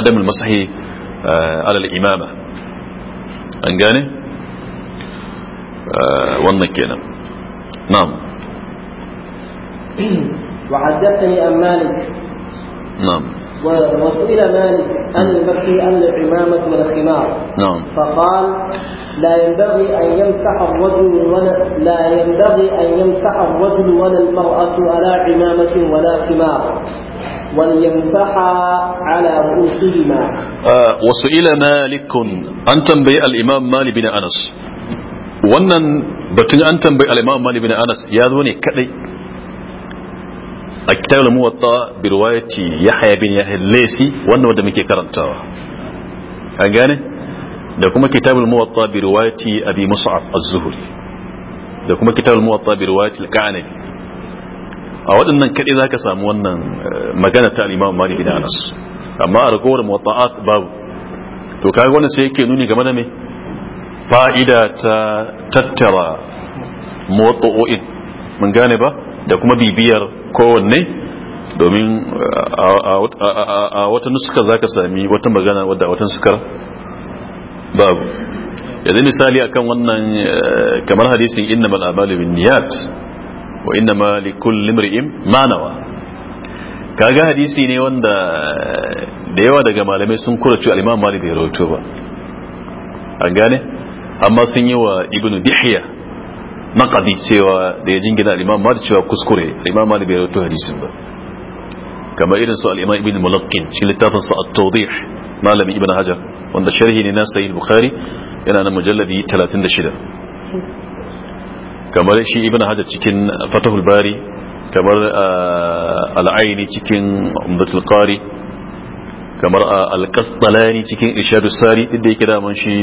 adam al-masahi ala al-imama an gane wannan kenan na'am وحدثني عن مالك نعم وسئل مالك أن نعم. المكي أن العمامة والخمار نعم فقال لا ينبغي أن يمسح الرجل ولا لا ينبغي أن يمسح الرجل ولا المرأة على عمامة ولا خمار وليمسحا على رؤوسهما آه وسئل مالك أن تنبئ الإمام مالك بن أنس wannan batun an tambayi al'imam mali bin anas ya zo ne kadai a kitabul muwatta bi riwayati yahya bin yahya al-laysi wannan wanda muke karantawa an gane da kuma kitabul muwatta bi riwayati abi mus'ab az-zuhri da kuma kitabul muwatta bi riwayati al-ka'anabi a waɗannan kaɗai zaka samu wannan eh, magana ta al-imam malik bin anas amma a ragowar muwatta'at babu to kaga wannan sai yake nuni game da me fa'ida ta tattara muwatta'o'in mun gane ba da kuma bibiyar kowanne domin uh, a wata nuska za ka sami wata magana wadda a wata sukar babu yanzu misali akan wannan uh, kamar hadisin inna mal'amali bin niyat wa inna malikul limri'im manawa kaga hadisi ne wanda uh, da yawa daga malamai sun kura cewa imam malik bai rahoto ba an gane amma sun yi wa ibnu dihiya makadi cewa da ya jingina al-imam malik cewa kuskure al-imam malik bai rawaito hadisin ba kamar irin su al-imam ibn mulaqqin shi littafin sa at-tawdih malami ibn hajar wanda sharhi ne na sahih bukhari yana na mujalladi 36 kamar shi ibn hajar cikin fatahul bari kamar al-aini cikin umdatul qari kamar al-qasdalani cikin irshadus sari duk da yake da man shi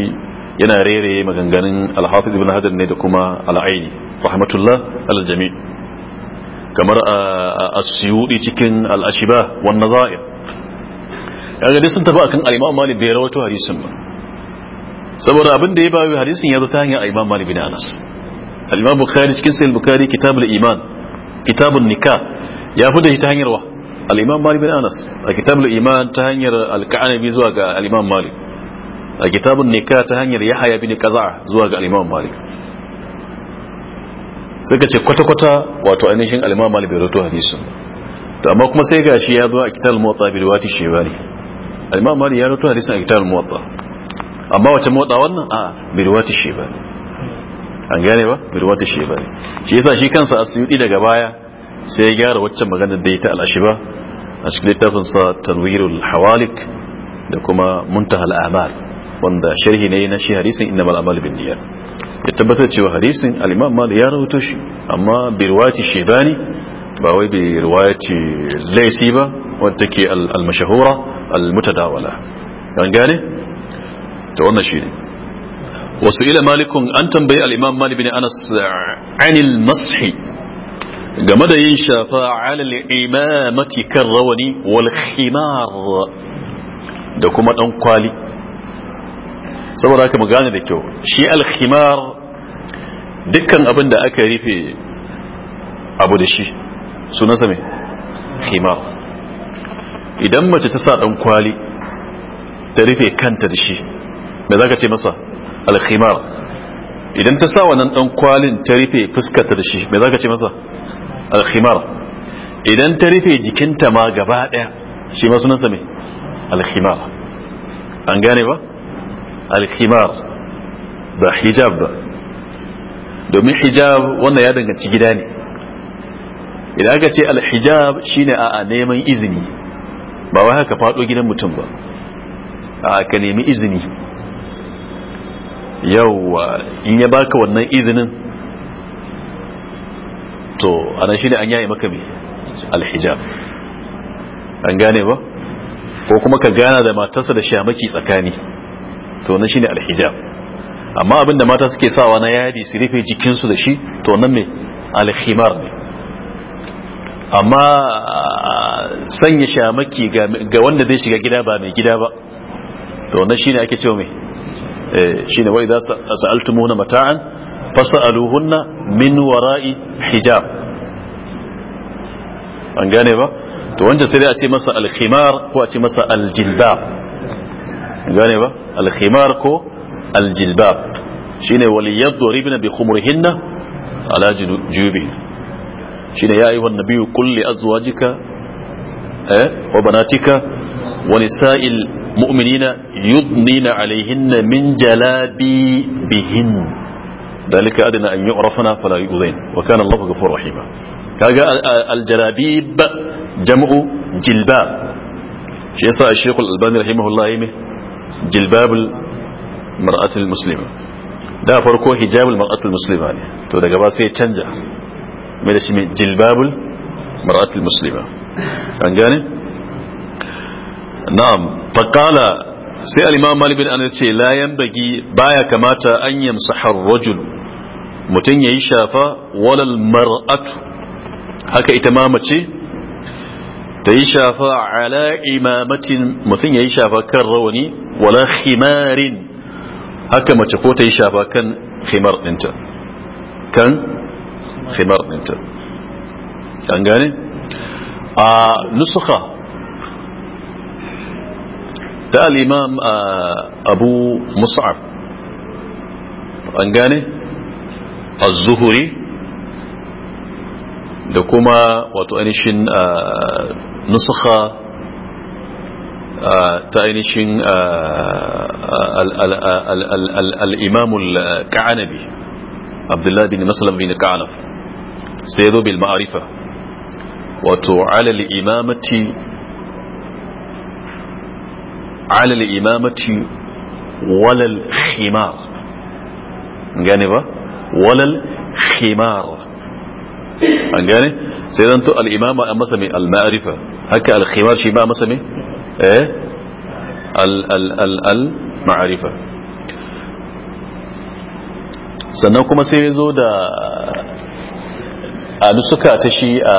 yana rere maganganun alhafiz ibn hajar ne da kuma al'aini rahmatullah aljami kamar as-suyudi cikin al-ashiba wan nazair kaga dai sun tafi akan al-imam malik bai rawaito hadisin ba saboda abin da ya bawo hadisin ya zo ta hanyar al-imam malik bin anas al-imam bukhari cikin sahih bukhari kitab al-iman kitab an-nikah ya fi da ta hanyar wa al-imam malik bin anas a kitab al-iman ta hanyar al-ka'anabi zuwa ga al-imam malik a kitabun nika ta hanyar ya haya bin kaza zuwa ga al malik suka ce kwata-kwata wato ainihin al malik bai rawaito hadisun to amma kuma sai gashi ya zo a kitabun muwatta bi riwayati shaybani al malik ya rawaito hadisun a kitabun muwatta amma wace muwatta wannan a bi riwayati shaybani an gane ba bi riwayati shaybani shi yasa shi kansa asyuti daga baya sai ya gyara waccan maganar da ita al'ashi ba a cikin littafinsa tarwirul hawalik da kuma muntahal amal wanda sharhi ne na shi hadisin inna mal amal bin niyyat ya tabbatar cewa hadisin al-imam malik ya rawaito shi amma bi riwayati shaybani ba wai bi riwayati laysi ba wanda take al-mashhura al-mutadawala an gane to wannan shi ne wasu ila malikun an tambayi al-imam malik bin anas an al mashi game da yin shafa alal imamati kan rawani wal khimar da kuma dan kwali saboda haka mu gane da kyau shi alkhimar dukkan abin da aka rufe abu da shi suna mai khimar idan mace ta sa dan kwali ta rufe kanta da shi me zaka ce masa alkhimar idan ta sa wannan dan kwalin ta rufe fuskarta da shi me zaka ce masa alkhimar idan ta rufe jikinta ma gaba daya shi ma sunansa mai alkhimar an gane ba alkhimar ba hijab ba domin hijab wannan ya danganci gida ne idan aka ce alhijab shine a neman izini ba wai haka faɗo gidan mutum ba a ka nemi izini yauwa in ya baka wannan izinin to ana shine an yayi maka bi alhijab an gane ba ko kuma ka gana da matarsa da shamaki tsakani to nan shine alhijab amma abinda mata suke sawa na yadi su rufe jikinsu da shi to nan me alhimar ne amma ah, sanya shamaki ga wanda zai shiga gida ba mai gida ba to nan shine ake cewa me eh, shine wai za na mata'an fas'aluhunna min wara'i hijab an gane ba to wancan sai dai a ce masa alkhimar ko a ce masa aljilbab gane ba alkhimar ko aljilbab shine waliyaddu ribna bi khumurihinna ala jubi shine ya ayyuhan nabiyyu qul li azwajika eh wa banatika wa nisa'il mu'minina yudnina alayhinna min jalabi bihin dalika adna an yu'rafna fala yu'dhain wa kana Allahu ghafurur rahima kaga aljalabib jam'u jilbab shi yasa Sheikh Al-Albani rahimahullah yayi jilbabul mar'atul muslima da farko hijabul mar'atul muslima ne to daga ba sai canja mai da shi mai an gane na'am faqala sai al-imam malik bin anas ce la bagi baya kamata an yamsaha ar-rajul mutun yayi shafa walal mar'atu haka ita ma mace ta yi shafa ala imamatin mutum ya yi shafa kan rawani wala khimarin haka mace ko ta yi shafa kan khimar ɗinta kan khimar ɗinta an gane a nusuka ta al'imam abu musa'ab an gane az-zuhuri da kuma wato ainihin نسخة آه، تأينشين آه، آه، الإمام الكعنبي عبد الله بن مسلم بن كعنف سيدو بالمعرفة وتو على الإمامة على الإمامة ولا الخمار جانبا ولا الخمار أنجاني سيدنا الإمام أمسمي المعرفة haka alkhimar shi ba masa ne eh al ma'arifa sannan kuma sai ya zo da a nusuka ta shi a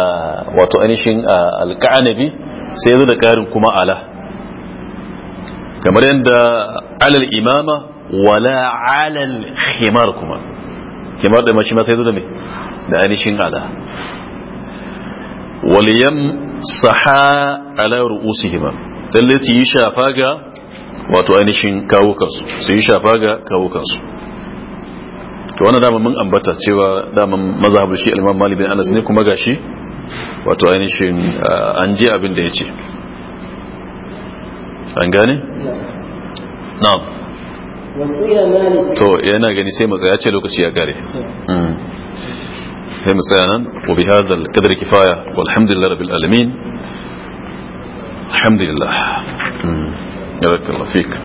wato ainihin alka'anabi sai ya zo da ƙarin kuma ala kamar yadda alal imama wala alal khimar kuma khimar da mashi ma sai ya zo da mai da ainihin ala waliyam saha ala ru'usihim talle su yi shafa ga wato ainihin kawo kansu su yi shafa ga kawo kansu to wannan dama mun ambata cewa dama mazhabu shi al-Imam Malik bin Anas ne kuma gashi wato ainihin ah, an ji abin da yace an gane na'am to yana gani sai mu ya ce lokaci ya gare hmm. هي مساء وبهذا القدر كفاية والحمد لله رب العالمين الحمد لله يبارك الله فيك